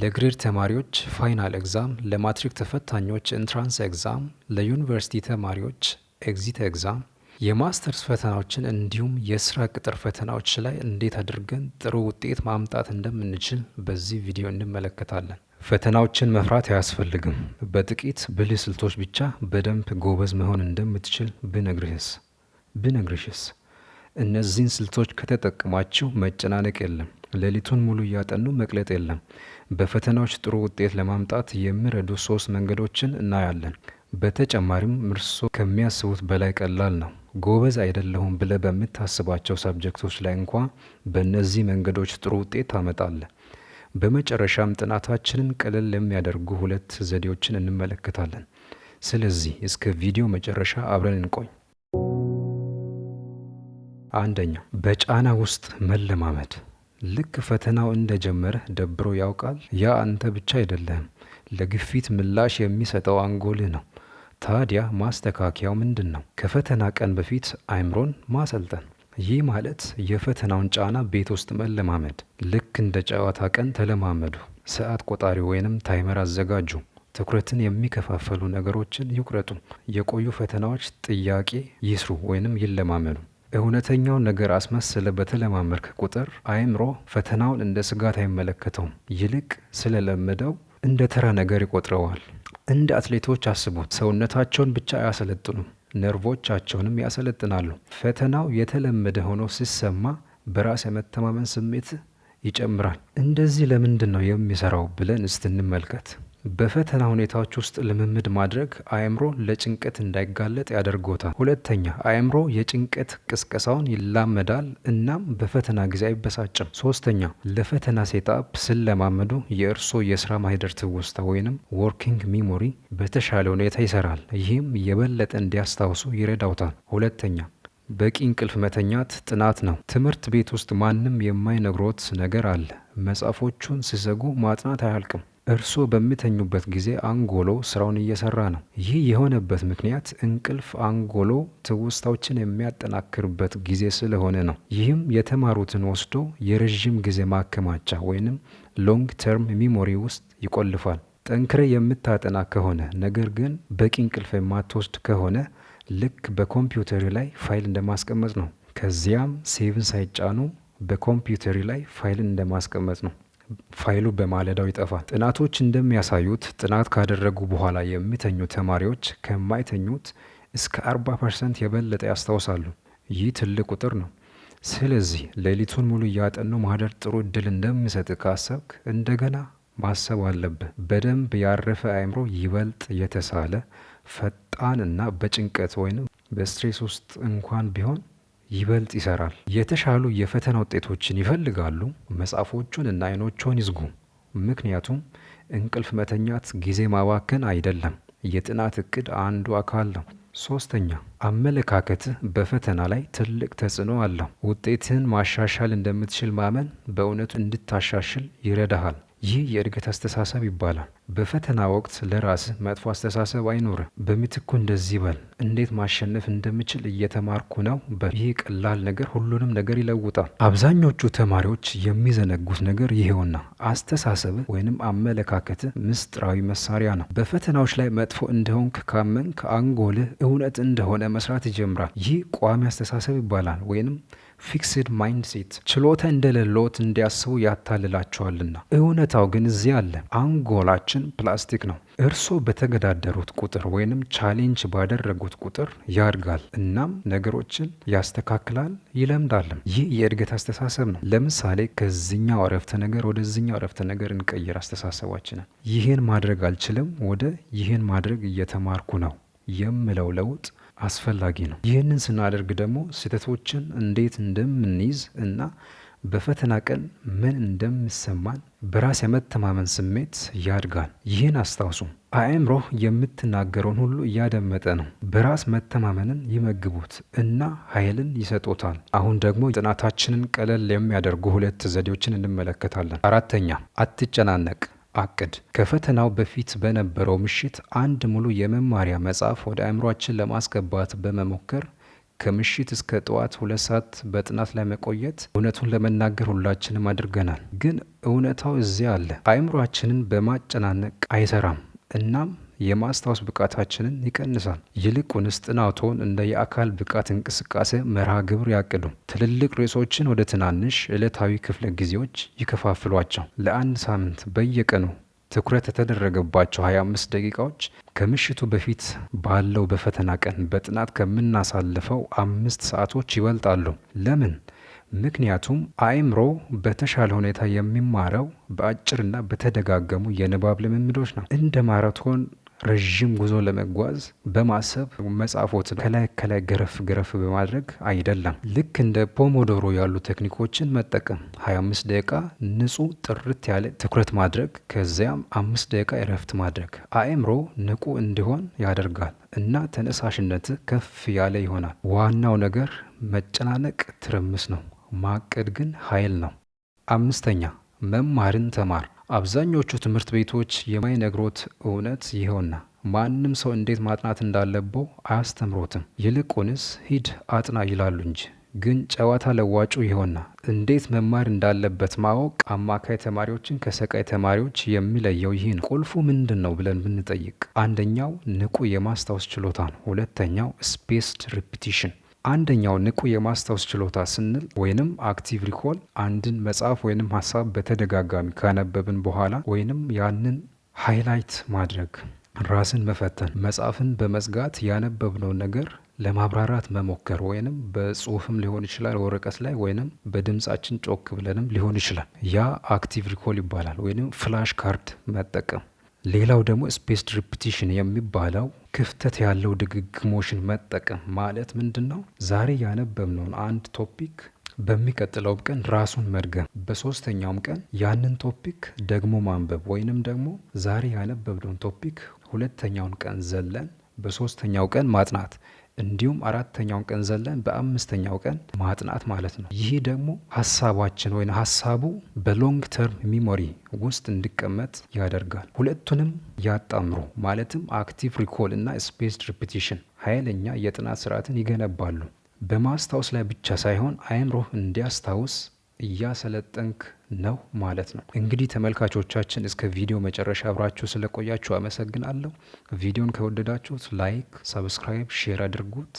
ለግሬድ ተማሪዎች ፋይናል ኤግዛም፣ ለማትሪክ ተፈታኞች ኢንትራንስ ኤግዛም፣ ለዩኒቨርሲቲ ተማሪዎች ኤግዚት ኤግዛም፣ የማስተርስ ፈተናዎችን እንዲሁም የስራ ቅጥር ፈተናዎች ላይ እንዴት አድርገን ጥሩ ውጤት ማምጣት እንደምንችል በዚህ ቪዲዮ እንመለከታለን። ፈተናዎችን መፍራት አያስፈልግም። በጥቂት ብልህ ስልቶች ብቻ በደንብ ጎበዝ መሆን እንደምትችል ብነግርህስ ብነግርሽስ? እነዚህን ስልቶች ከተጠቅማችሁ መጨናነቅ የለም። ሌሊቱን ሙሉ እያጠኑ መቅለጥ የለም። በፈተናዎች ጥሩ ውጤት ለማምጣት የሚረዱ ሶስት መንገዶችን እናያለን። በተጨማሪም እርስዎ ከሚያስቡት በላይ ቀላል ነው። ጎበዝ አይደለሁም ብለህ በምታስባቸው ሳብጀክቶች ላይ እንኳ በእነዚህ መንገዶች ጥሩ ውጤት ታመጣለህ። በመጨረሻም ጥናታችንን ቀለል የሚያደርጉ ሁለት ዘዴዎችን እንመለከታለን። ስለዚህ እስከ ቪዲዮ መጨረሻ አብረን እንቆይ። አንደኛ፣ በጫና ውስጥ መለማመድ ልክ ፈተናው እንደጀመረ ደብሮ ያውቃል? ያ አንተ ብቻ አይደለህም። ለግፊት ምላሽ የሚሰጠው አንጎልህ ነው። ታዲያ ማስተካከያው ምንድን ነው? ከፈተና ቀን በፊት አእምሮን ማሰልጠን። ይህ ማለት የፈተናውን ጫና ቤት ውስጥ መለማመድ። ልክ እንደ ጨዋታ ቀን ተለማመዱ። ሰዓት ቆጣሪ ወይንም ታይመር አዘጋጁ። ትኩረትን የሚከፋፈሉ ነገሮችን ይቁረጡ። የቆዩ ፈተናዎች ጥያቄ ይስሩ ወይንም ይለማመዱ። እውነተኛውን ነገር አስመስለ በተለማመርክ ቁጥር አእምሮ ፈተናውን እንደ ስጋት አይመለከተውም። ይልቅ ስለለመደው እንደ ተራ ነገር ይቆጥረዋል። እንደ አትሌቶች አስቡት። ሰውነታቸውን ብቻ አያሰለጥኑም፣ ነርቮቻቸውንም ያሰለጥናሉ። ፈተናው የተለመደ ሆኖ ሲሰማ በራስ የመተማመን ስሜት ይጨምራል። እንደዚህ ለምንድን ነው የሚሰራው ብለን እስትንመልከት? በፈተና ሁኔታዎች ውስጥ ልምምድ ማድረግ አእምሮ ለጭንቀት እንዳይጋለጥ ያደርጎታል። ሁለተኛ አእምሮ የጭንቀት ቅስቀሳውን ይላመዳል እናም በፈተና ጊዜ አይበሳጭም። ሶስተኛ ለፈተና ሴትአፕ ስለማመዱ የእርሶ የስራ ማህደር ትውስታ ወይንም ወርኪንግ ሚሞሪ በተሻለ ሁኔታ ይሰራል። ይህም የበለጠ እንዲያስታውሱ ይረዳውታል። ሁለተኛ በቂ እንቅልፍ መተኛት ጥናት ነው። ትምህርት ቤት ውስጥ ማንም የማይነግሮት ነገር አለ። መጽሐፎቹን ሲዘጉ ማጥናት አያልቅም። እርስዎ በሚተኙበት ጊዜ አንጎሎ ስራውን እየሰራ ነው። ይህ የሆነበት ምክንያት እንቅልፍ አንጎሎ ትውስታዎችን የሚያጠናክርበት ጊዜ ስለሆነ ነው። ይህም የተማሩትን ወስዶ የረዥም ጊዜ ማከማቻ ወይንም ሎንግ ተርም ሚሞሪ ውስጥ ይቆልፋል። ጠንክረ የምታጠና ከሆነ ነገር ግን በቂ እንቅልፍ የማትወስድ ከሆነ ልክ በኮምፒውተሪ ላይ ፋይል እንደማስቀመጥ ነው። ከዚያም ሴቭን ሳይጫኑ በኮምፒውተሪ ላይ ፋይልን እንደማስቀመጥ ነው። ፋይሉ በማለዳው ይጠፋል። ጥናቶች እንደሚያሳዩት ጥናት ካደረጉ በኋላ የሚተኙ ተማሪዎች ከማይተኙት እስከ 40 ፐርሰንት የበለጠ ያስታውሳሉ። ይህ ትልቅ ቁጥር ነው። ስለዚህ ሌሊቱን ሙሉ እያጠኑ ማደር ጥሩ እድል እንደሚሰጥ ካሰብክ እንደገና ማሰብ አለብህ። በደንብ ያረፈ አእምሮ ይበልጥ የተሳለ ፈጣን እና በጭንቀት ወይም በስትሬስ ውስጥ እንኳን ቢሆን ይበልጥ ይሰራል። የተሻሉ የፈተና ውጤቶችን ይፈልጋሉ? መጽሐፎቹን እና አይኖቹን ይዝጉ። ምክንያቱም እንቅልፍ መተኛት ጊዜ ማባከን አይደለም፣ የጥናት እቅድ አንዱ አካል ነው። ሶስተኛ አመለካከትህ በፈተና ላይ ትልቅ ተጽዕኖ አለው። ውጤትህን ማሻሻል እንደምትችል ማመን በእውነቱ እንድታሻሽል ይረዳሃል። ይህ የእድገት አስተሳሰብ ይባላል። በፈተና ወቅት ለራስ መጥፎ አስተሳሰብ አይኖር በምትኩ እንደዚህ በል፣ እንዴት ማሸነፍ እንደምችል እየተማርኩ ነው። ይህ ቀላል ነገር ሁሉንም ነገር ይለውጣል። አብዛኞቹ ተማሪዎች የሚዘነጉት ነገር ይሄውና፣ አስተሳሰብ ወይንም አመለካከት ምስጢራዊ መሳሪያ ነው። በፈተናዎች ላይ መጥፎ እንደሆንክ ካመንክ አንጎልህ እውነት እንደሆነ መስራት ይጀምራል። ይህ ቋሚ አስተሳሰብ ይባላል ወይንም ፊክስድ ማይንድሴት ችሎታ እንደሌለዎት እንዲያስቡ ያታልላቸዋልና፣ እውነታው ግን እዚህ አለ። አንጎላችን ፕላስቲክ ነው። እርስዎ በተገዳደሩት ቁጥር ወይንም ቻሌንጅ ባደረጉት ቁጥር ያድጋል። እናም ነገሮችን ያስተካክላል፣ ይለምዳልም። ይህ የእድገት አስተሳሰብ ነው። ለምሳሌ ከዚኛው አረፍተ ነገር ወደዚኛው አረፍተ ነገር እንቀይር አስተሳሰባችንን። ይህን ማድረግ አልችልም ወደ ይህን ማድረግ እየተማርኩ ነው የምለው ለውጥ አስፈላጊ ነው። ይህንን ስናደርግ ደግሞ ስህተቶችን እንዴት እንደምንይዝ እና በፈተና ቀን ምን እንደሚሰማን በራስ የመተማመን ስሜት ያድጋል። ይህን አስታውሱ፣ አእምሮህ የምትናገረውን ሁሉ እያደመጠ ነው። በራስ መተማመንን ይመግቡት እና ኃይልን ይሰጦታል። አሁን ደግሞ ጥናታችንን ቀለል የሚያደርጉ ሁለት ዘዴዎችን እንመለከታለን። አራተኛ፣ አትጨናነቅ። አቅድ። ከፈተናው በፊት በነበረው ምሽት አንድ ሙሉ የመማሪያ መጽሐፍ ወደ አእምሯችን ለማስገባት በመሞከር ከምሽት እስከ ጠዋት ሁለት ሰዓት በጥናት ላይ መቆየት እውነቱን ለመናገር ሁላችንም አድርገናል። ግን እውነታው እዚያ አለ። አእምሯችንን በማጨናነቅ አይሰራም። እናም የማስታወስ ብቃታችንን ይቀንሳል። ይልቁንስ ጥናቶን እንደ የአካል ብቃት እንቅስቃሴ መርሃ ግብር ያቅዱ። ትልልቅ ርዕሶችን ወደ ትናንሽ ዕለታዊ ክፍለ ጊዜዎች ይከፋፍሏቸው። ለአንድ ሳምንት በየቀኑ ትኩረት የተደረገባቸው 25 ደቂቃዎች ከምሽቱ በፊት ባለው በፈተና ቀን በጥናት ከምናሳልፈው አምስት ሰዓቶች ይበልጣሉ። ለምን? ምክንያቱም አእምሮ በተሻለ ሁኔታ የሚማረው በአጭርና በተደጋገሙ የንባብ ልምምዶች ነው። እንደ ማራቶን ረዥም ጉዞ ለመጓዝ በማሰብ መጽሐፎትን ከላይ ከላይ ገረፍ ገረፍ በማድረግ አይደለም። ልክ እንደ ፖሞዶሮ ያሉ ቴክኒኮችን መጠቀም 25 ደቂቃ ንጹህ ጥርት ያለ ትኩረት ማድረግ፣ ከዚያም አምስት ደቂቃ እረፍት ማድረግ አእምሮ ንቁ እንዲሆን ያደርጋል እና ተነሳሽነት ከፍ ያለ ይሆናል። ዋናው ነገር መጨናነቅ ትርምስ ነው፣ ማቀድ ግን ኃይል ነው። አምስተኛ መማርን ተማር። አብዛኞቹ ትምህርት ቤቶች የማይነግሮት እውነት ይኸውና ማንም ሰው እንዴት ማጥናት እንዳለበው አያስተምሮትም። ይልቁንስ ሂድ አጥና ይላሉ እንጂ ግን ጨዋታ ለዋጩ ይሆና እንዴት መማር እንዳለበት ማወቅ አማካይ ተማሪዎችን ከሰቃይ ተማሪዎች የሚለየው ይህ ነው። ቁልፉ ምንድን ነው ብለን ብንጠይቅ አንደኛው ንቁ የማስታወስ ችሎታ ነው። ሁለተኛው ስፔስድ ሪፒቲሽን አንደኛው ንቁ የማስታወስ ችሎታ ስንል ወይንም አክቲቭ ሪኮል አንድን መጽሐፍ ወይንም ሀሳብ በተደጋጋሚ ካነበብን በኋላ ወይንም ያንን ሃይላይት ማድረግ፣ ራስን መፈተን፣ መጽሐፍን በመዝጋት ያነበብነውን ነገር ለማብራራት መሞከር ወይንም በጽሁፍም ሊሆን ይችላል፣ ወረቀት ላይ ወይንም በድምጻችን ጮክ ብለንም ሊሆን ይችላል። ያ አክቲቭ ሪኮል ይባላል፣ ወይንም ፍላሽ ካርድ መጠቀም። ሌላው ደግሞ ስፔስድ ሪፕቲሽን የሚባለው ክፍተት ያለው ድግግሞሽን መጠቀም ማለት ምንድን ነው? ዛሬ ያነበብነውን አንድ ቶፒክ በሚቀጥለውም ቀን ራሱን መድገም፣ በሶስተኛውም ቀን ያንን ቶፒክ ደግሞ ማንበብ ወይንም ደግሞ ዛሬ ያነበብነውን ቶፒክ ሁለተኛውን ቀን ዘለን በሶስተኛው ቀን ማጥናት እንዲሁም አራተኛውን ቀን ዘለን በአምስተኛው ቀን ማጥናት ማለት ነው። ይህ ደግሞ ሀሳባችን ወይም ሀሳቡ በሎንግ ተርም ሚሞሪ ውስጥ እንዲቀመጥ ያደርጋል። ሁለቱንም ያጣምሩ ማለትም አክቲቭ ሪኮል እና ስፔስ ሪፒቲሽን ኃይለኛ የጥናት ስርዓትን ይገነባሉ። በማስታወስ ላይ ብቻ ሳይሆን አእምሮህ እንዲያስታውስ እያሰለጠንክ ነው ማለት ነው። እንግዲህ ተመልካቾቻችን እስከ ቪዲዮ መጨረሻ አብራችሁ ስለቆያችሁ አመሰግናለሁ። ቪዲዮን ከወደዳችሁት ላይክ፣ ሰብስክራይብ፣ ሼር አድርጉት።